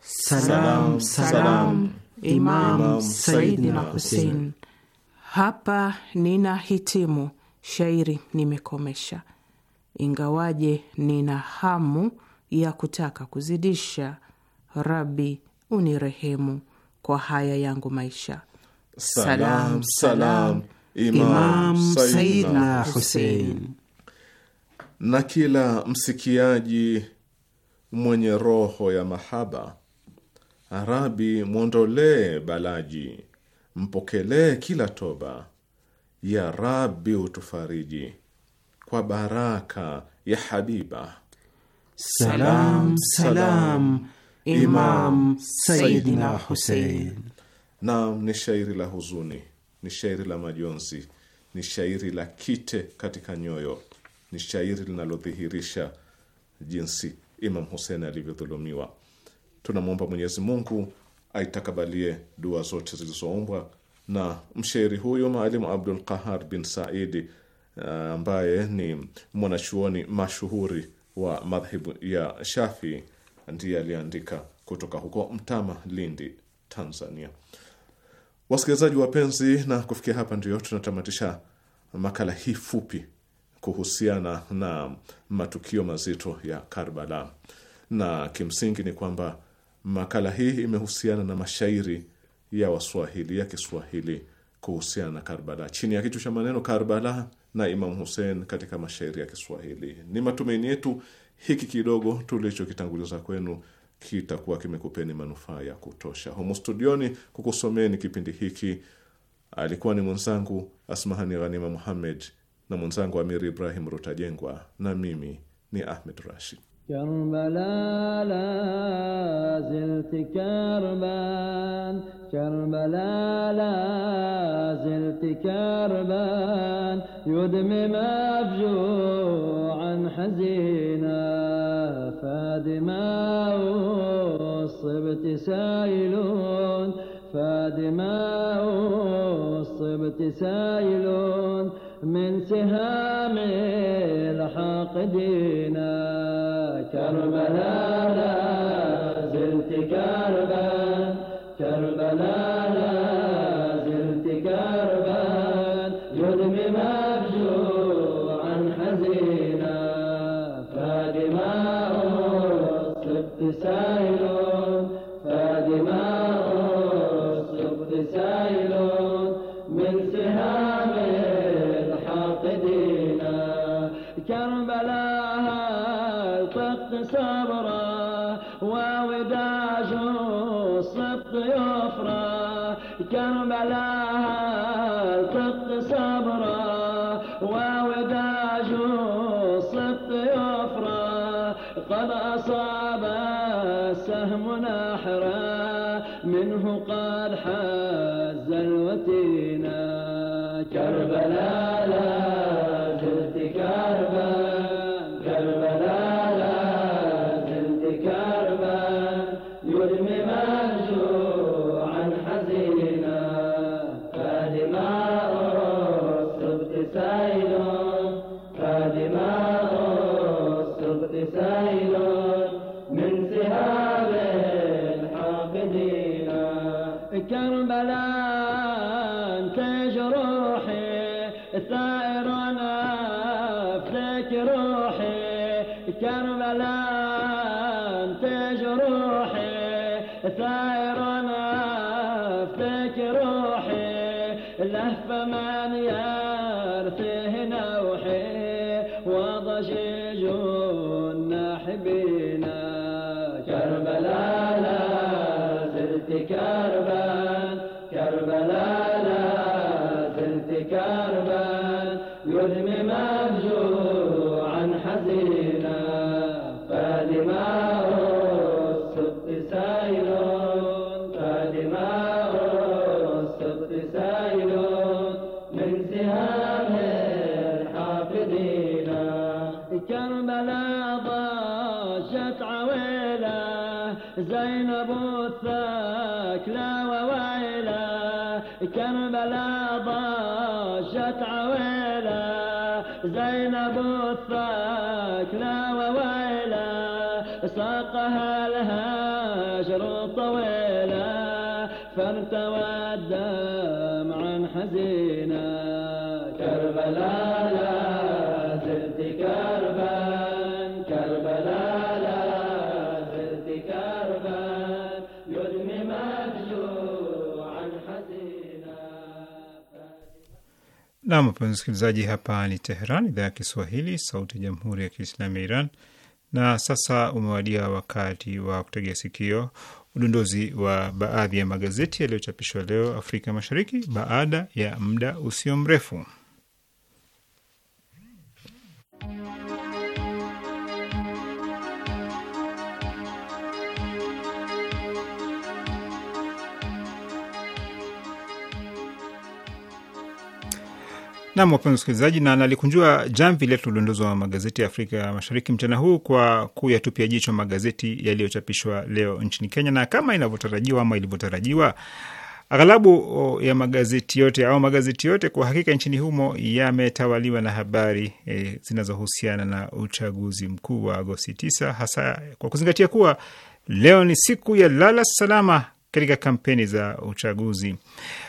Salam, salam, Imam Saidina Husein. Hapa nina hitimu, shairi nimekomesha, ingawaje nina hamu ya kutaka kuzidisha. Rabi unirehemu kwa haya yangu maisha. Salam, salam, Imam Saidina Husein. Na kila msikiaji mwenye roho ya mahaba Rabi, mwondolee balaji, mpokelee kila toba. Ya Rabi, utufariji kwa baraka ya Habiba. Salam salam, Imam Saidina Husein. Naam, ni shairi la huzuni, ni shairi la majonzi, ni shairi la kite katika nyoyo, ni shairi linalodhihirisha jinsi Imam Husein alivyodhulumiwa. Tunamwomba Mwenyezi Mungu aitakabalie dua zote zilizoombwa na mshairi huyu Maalimu Abdul Qahar bin Saidi eh, ambaye uh, ni mwanachuoni mashuhuri wa madhehebu ya shafi ndiye aliandika kutoka huko Mtama, Lindi, Tanzania. Wasikilizaji wapenzi, na kufikia hapa ndio tunatamatisha makala hii fupi kuhusiana na matukio mazito ya Karbala, na kimsingi ni kwamba Makala hii imehusiana na mashairi ya Waswahili ya Kiswahili kuhusiana na Karbala chini ya kichwa cha maneno Karbala na Imam Hussein katika mashairi ya Kiswahili. Ni matumaini yetu hiki kidogo tulichokitanguliza kwenu kitakuwa kimekupeni manufaa ya kutosha. Humu studioni kukusomeni kipindi hiki alikuwa ni mwenzangu Asmahani Ghanima Muhammed na mwenzangu Amiri Ibrahim Rutajengwa na mimi ni Ahmed Rashid. كربلا لا زلت كربان كربلا لا زلت كربان يدمي مفجوعا حزينا فادما الصبت سايلون فادما وصبت سايلون من سهام الحاقدين كربلاء لا زلت كربلاء كربلاء تاج الصدق يفرى كربلاء القط صبرا ووداج الصدق يفرى قد أصاب سهم نحرا منه قد حرى زينب الثاكلة وويلة ساقها لها Nam, mpenzi msikilizaji, hapa ni Teheran, idhaa ya Kiswahili, sauti ya jamhuri ya kiislami ya Iran. Na sasa umewadia wakati wa kutegea sikio udondozi wa baadhi ya magazeti yaliyochapishwa leo Afrika Mashariki baada ya muda usio mrefu. Nam, wapenzi msikilizaji, na nalikunjua jamvi letu liondozwa wa magazeti ya Afrika Mashariki mchana huu kwa kuyatupia jicho magazeti yaliyochapishwa leo nchini Kenya, na kama inavyotarajiwa ama ilivyotarajiwa aghalabu ya magazeti yote au magazeti yote kwa hakika nchini humo yametawaliwa na habari e, zinazohusiana na uchaguzi mkuu wa Agosti 9 hasa kwa kuzingatia kuwa leo ni siku ya lala salama katika kampeni za uchaguzi.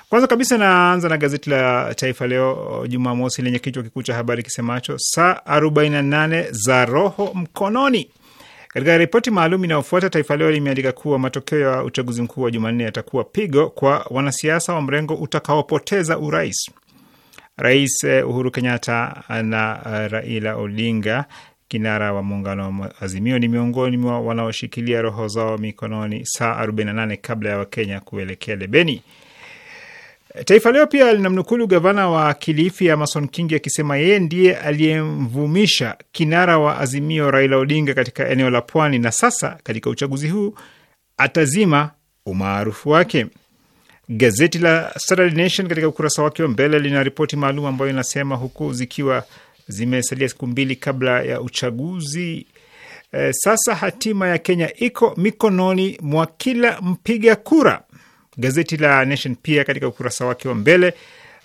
Kwanza kabisa naanza na gazeti la Taifa Leo uh, Jumamosi lenye kichwa kikuu cha habari kisemacho saa 48 za roho mkononi. Katika ripoti maalum inayofuata, Taifa Leo limeandika kuwa matokeo ya uchaguzi mkuu wa Jumanne yatakuwa pigo kwa wanasiasa wa mrengo utakaopoteza urais. Rais uh, Uhuru Kenyatta na uh, Raila Odinga kinara wa muungano wa Azimio, ni miongoni mwa wanaoshikilia roho zao mikononi saa 48 kabla ya Wakenya kuelekea debeni. Taifa Leo pia linamnukulu gavana wa Kilifi Amason Kingi akisema yeye ndiye aliyemvumisha kinara wa Azimio Raila Odinga katika eneo la Pwani, na sasa katika uchaguzi huu atazima umaarufu wake. Gazeti la Saturday Nation katika ukurasa wake wa mbele lina ripoti maalum ambayo inasema huku zikiwa zimesalia siku mbili kabla ya uchaguzi. E, sasa hatima ya Kenya iko mikononi mwa kila mpiga kura. Gazeti la Nation pia katika ukurasa wake wa mbele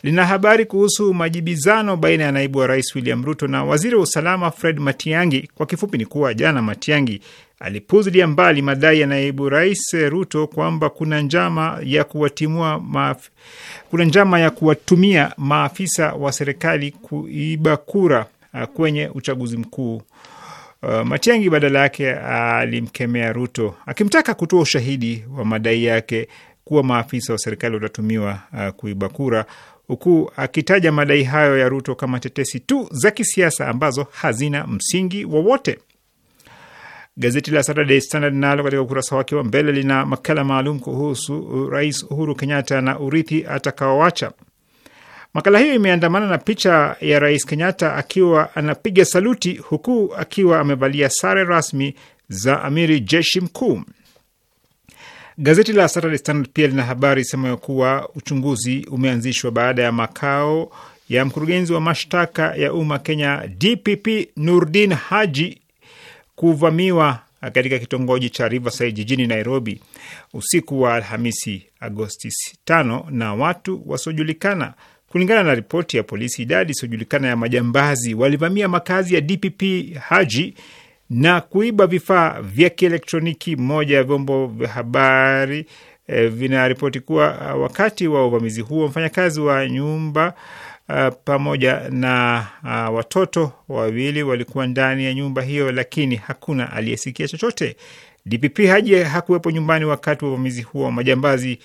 lina habari kuhusu majibizano baina ya naibu wa rais William Ruto na waziri wa usalama Fred Matiangi. Kwa kifupi ni kuwa jana Matiangi alipuzilia mbali madai ya naibu rais Ruto kwamba kuna njama ya kuwatimua maaf... kuna njama ya kuwatumia maafisa wa serikali kuiba kura uh, kwenye uchaguzi mkuu. Uh, Matiang'i badala yake alimkemea Ruto akimtaka kutoa ushahidi wa madai yake kuwa maafisa wa serikali watatumiwa uh, kuiba kura, huku akitaja madai hayo ya Ruto kama tetesi tu za kisiasa ambazo hazina msingi wowote. Gazeti la Saturday Standard nalo katika ukurasa wake wa mbele lina makala maalum kuhusu uh, Rais Uhuru Kenyatta na urithi atakaoacha. Makala hiyo imeandamana na picha ya Rais Kenyatta akiwa anapiga saluti huku akiwa amevalia sare rasmi za amiri jeshi mkuu. Gazeti la Saturday Standard pia lina habari isemayo kuwa uchunguzi umeanzishwa baada ya makao ya mkurugenzi wa mashtaka ya umma Kenya, DPP Nurdin Haji kuvamiwa katika kitongoji cha Riverside jijini Nairobi usiku wa Alhamisi Agosti 5 na watu wasiojulikana. Kulingana na ripoti ya polisi, idadi isiyojulikana ya majambazi walivamia makazi ya DPP Haji na kuiba vifaa vya kielektroniki. Moja ya vyombo vya habari e, vinaripoti kuwa wakati wa uvamizi huo mfanyakazi wa nyumba uh, pamoja na uh, watoto wawili walikuwa ndani ya nyumba hiyo, lakini hakuna aliyesikia chochote. DPP Haji hakuwepo nyumbani wakati wa uvamizi huo. Majambazi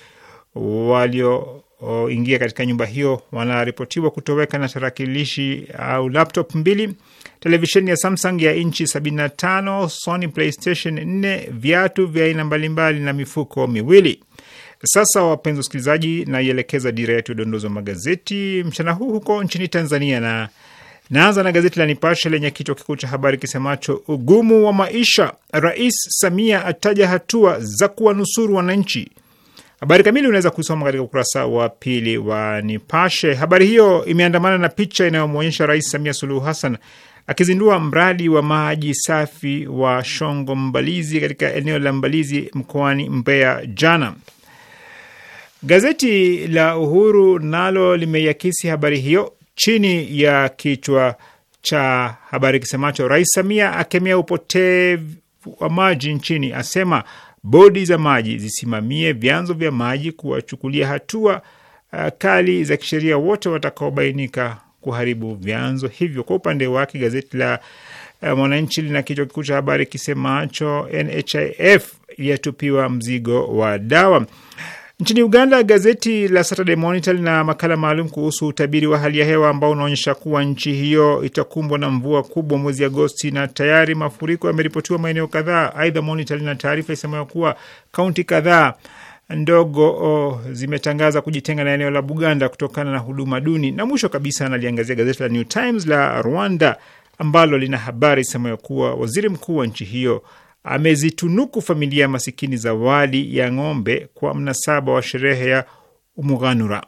walioingia katika nyumba hiyo wanaripotiwa kutoweka na tarakilishi au laptop mbili, televisheni ya Samsung ya inchi 75, Sony PlayStation 4, viatu vya aina mbalimbali na mifuko miwili. Sasa wapenzi wasikilizaji, naielekeza dira yetu ya dondozi wa magazeti mchana huu huko nchini Tanzania, na naanza na gazeti la Nipashe lenye kichwa kikuu cha habari kisemacho ugumu wa maisha, Rais Samia ataja hatua za kuwanusuru wananchi. Habari kamili unaweza kuisoma katika ukurasa wa pili wa Nipashe. Habari hiyo imeandamana na picha inayomwonyesha Rais Samia Suluhu Hassan akizindua mradi wa maji safi wa Shongo Mbalizi katika eneo la Mbalizi mkoani Mbeya jana. Gazeti la Uhuru nalo limeiakisi habari hiyo chini ya kichwa cha habari kisemacho Rais Samia akemea upotevu wa maji nchini, asema bodi za maji zisimamie vyanzo vya maji, kuwachukulia hatua uh, kali za kisheria wote watakaobainika kuharibu vyanzo hivyo. Kwa upande wake gazeti la uh, Mwananchi lina kichwa kikuu cha habari kisemacho NHIF yatupiwa mzigo wa dawa. Nchini Uganda, gazeti la Saturday Monitor lina makala maalum kuhusu utabiri wa hali ya hewa ambao unaonyesha kuwa nchi hiyo itakumbwa na mvua kubwa mwezi Agosti na tayari mafuriko yameripotiwa maeneo kadhaa. Aidha, Monitor lina taarifa isemayo kuwa kaunti kadhaa ndogo oh, zimetangaza kujitenga na eneo la Buganda kutokana na huduma duni. Na mwisho kabisa analiangazia gazeti la New Times la Rwanda ambalo lina habari isemayo kuwa waziri mkuu wa nchi hiyo amezitunuku familia masikini zawadi ya ng'ombe kwa mnasaba wa sherehe ya Umughanura.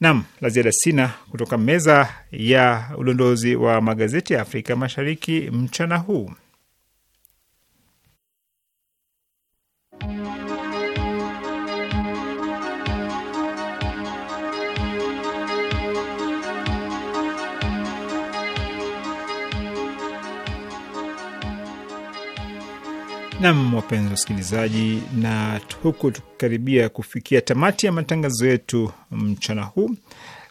Nam, la ziada sina kutoka meza ya ulondozi wa magazeti ya Afrika Mashariki mchana huu. Nam, wapenzi wasikilizaji, na huku tukikaribia kufikia tamati ya matangazo yetu mchana huu,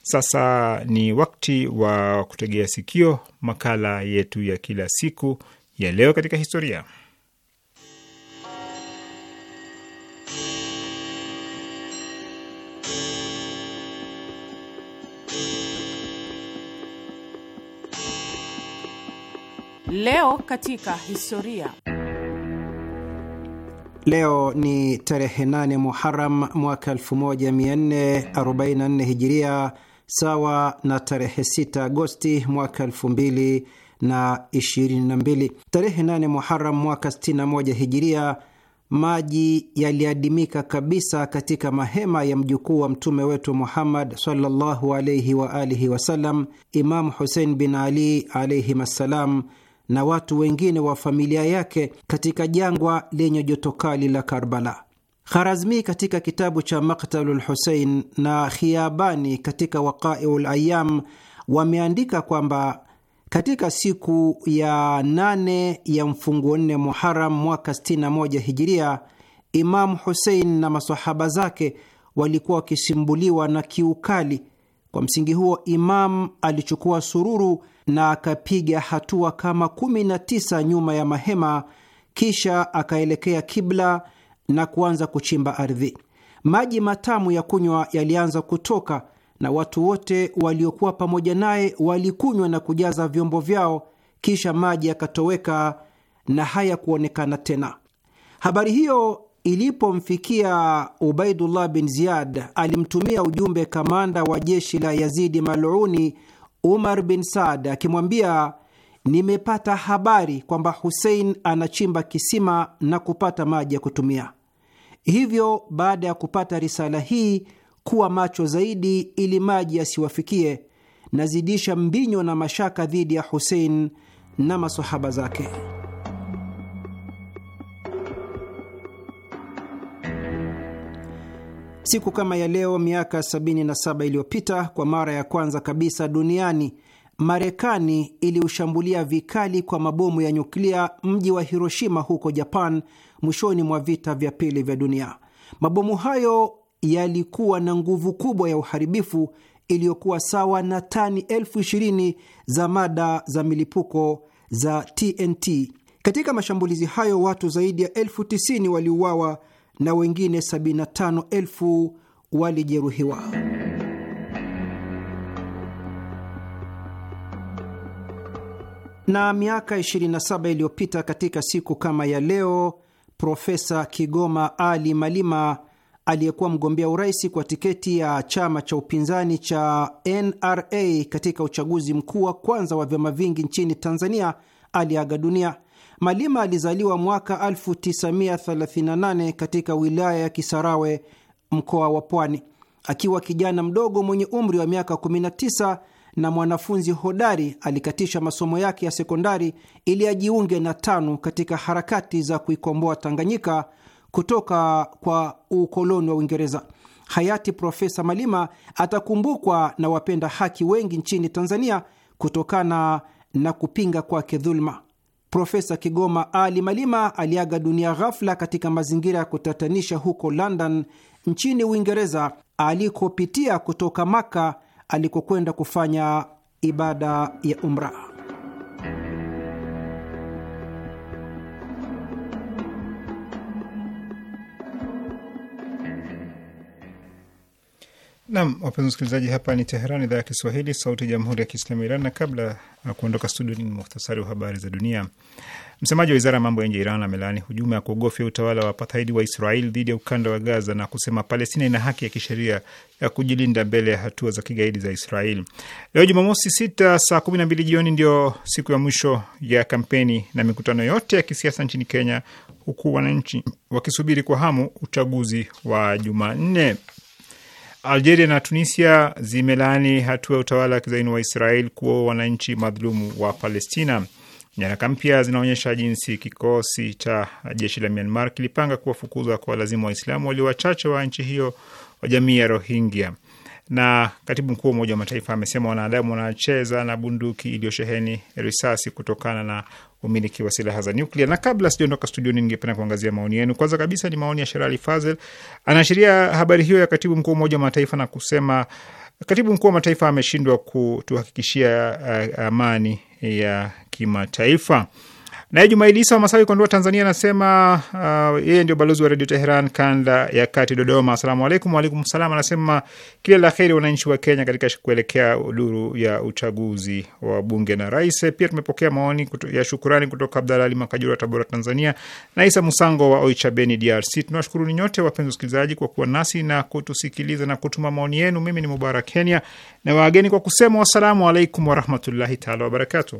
sasa ni wakati wa kutegea sikio makala yetu ya kila siku ya leo katika historia. Leo katika historia Leo ni tarehe 8 Muharam mwaka 1444 Hijiria, sawa na tarehe 6 Agosti mwaka 2022. Tarehe 8 Muharam mwaka 61 Hijiria, maji yaliadimika kabisa katika mahema ya mjukuu wa mtume wetu Muhammad sallallahu alaihi wa alihi wasallam, Imamu Husein bin Ali alayhim assalam na watu wengine wa familia yake katika jangwa lenye joto kali la Karbala. Kharazmi katika kitabu cha Maktalul Husein na Khiabani katika Waqaiul Ayam wameandika kwamba katika siku ya nane ya mfungo nne Muharam mwaka 61 Hijiria, Imamu Husein na masahaba zake walikuwa wakisimbuliwa na kiukali. Kwa msingi huo, Imam alichukua sururu na akapiga hatua kama kumi na tisa nyuma ya mahema, kisha akaelekea kibla na kuanza kuchimba ardhi. Maji matamu ya kunywa yalianza kutoka na watu wote waliokuwa pamoja naye walikunywa na kujaza vyombo vyao, kisha maji yakatoweka na hayakuonekana tena. Habari hiyo ilipomfikia Ubaidullah bin Ziyad, alimtumia ujumbe kamanda wa jeshi la Yazidi Maluni Umar bin Saad akimwambia, nimepata habari kwamba Husein anachimba kisima na kupata maji ya kutumia. Hivyo baada ya kupata risala hii, kuwa macho zaidi ili maji yasiwafikie, nazidisha mbinyo na mashaka dhidi ya Husein na masahaba zake. Siku kama ya leo miaka 77 iliyopita, kwa mara ya kwanza kabisa duniani, Marekani iliushambulia vikali kwa mabomu ya nyuklia mji wa Hiroshima huko Japan mwishoni mwa vita vya pili vya dunia. Mabomu hayo yalikuwa na nguvu kubwa ya uharibifu iliyokuwa sawa na tani elfu ishirini za mada za milipuko za TNT. Katika mashambulizi hayo watu zaidi ya elfu tisini waliuawa na wengine 75,000 walijeruhiwa. Na miaka 27 iliyopita katika siku kama ya leo, Profesa Kigoma Ali Malima aliyekuwa mgombea urais kwa tiketi ya chama cha upinzani cha NRA katika uchaguzi mkuu wa kwanza wa vyama vingi nchini Tanzania aliaga dunia. Malima alizaliwa mwaka 1938 katika wilaya ya Kisarawe, mkoa wa Pwani. Akiwa kijana mdogo mwenye umri wa miaka 19 na mwanafunzi hodari, alikatisha masomo yake ya sekondari ili ajiunge na TANU katika harakati za kuikomboa Tanganyika kutoka kwa ukoloni wa Uingereza. Hayati Profesa Malima atakumbukwa na wapenda haki wengi nchini Tanzania kutokana na kupinga kwake dhuluma. Profesa Kigoma Ali Malima aliaga dunia ghafla katika mazingira ya kutatanisha huko London nchini Uingereza, alikopitia kutoka Maka alikokwenda kufanya ibada ya umra. Nam, wapenzi msikilizaji, hapa ni Teheran, idhaa ya Kiswahili, sauti ya jamhuri ya kiislamu ya Iran. Na kabla ya kuondoka studio, ni muhtasari wa habari za dunia. Msemaji wa wizara ya mambo ya nje ya Iran amelaani hujuma ya kuogofya utawala wa pathaidi wa israel dhidi ya ukanda wa Gaza na kusema Palestina ina haki ya kisheria ya kujilinda mbele ya hatua za kigaidi za israel Leo Jumamosi sita saa kumi na mbili jioni ndio siku ya mwisho ya kampeni na mikutano yote ya kisiasa nchini Kenya, huku wananchi wakisubiri kwa hamu uchaguzi wa Jumanne. Algeria na Tunisia zimelaani hatua ya utawala wa kizaini wa Israel kuwa wananchi madhulumu wa Palestina. Nyaraka mpya zinaonyesha jinsi kikosi cha jeshi la Myanmar kilipanga kuwafukuza kwa lazima Waislamu walio wachache wa nchi hiyo wa jamii ya Rohingya. Na katibu mkuu wa Umoja wa Mataifa amesema wanadamu wanacheza na bunduki iliyosheheni risasi kutokana na umiliki wa silaha za nyuklia. Na kabla sijaondoka studioni, ningependa kuangazia maoni yenu. Kwanza kabisa ni maoni ya Sherali Fazel, anaashiria habari hiyo ya katibu mkuu wa Umoja wa Mataifa na kusema katibu mkuu wa Mataifa ameshindwa kutuhakikishia eh, amani ya kimataifa. Naye Jumaili Isa wa Masawi, Kondoa, Tanzania, anasema uh, yeye ndio balozi wa redio Teheran kanda ya kati Dodoma. Asalamu alaikum. Waalaikum salam. Anasema kila la heri wananchi wa Kenya katika kuelekea duru ya uchaguzi wa bunge na rais. Pia tumepokea maoni kutu, ya shukurani kutoka Abdalali Makajura wa Tabora, Tanzania, na Isa Musango wa Beni, DRC. ni nyote wapenzi wasikilizaji kwa kuwa nasi na kutusikiliza na kutuma maoni yenu. Mimi ni Mubarak Kenya na wageni kwa kusema wassalamu alaikum warahmatullahi taala wabarakatuh.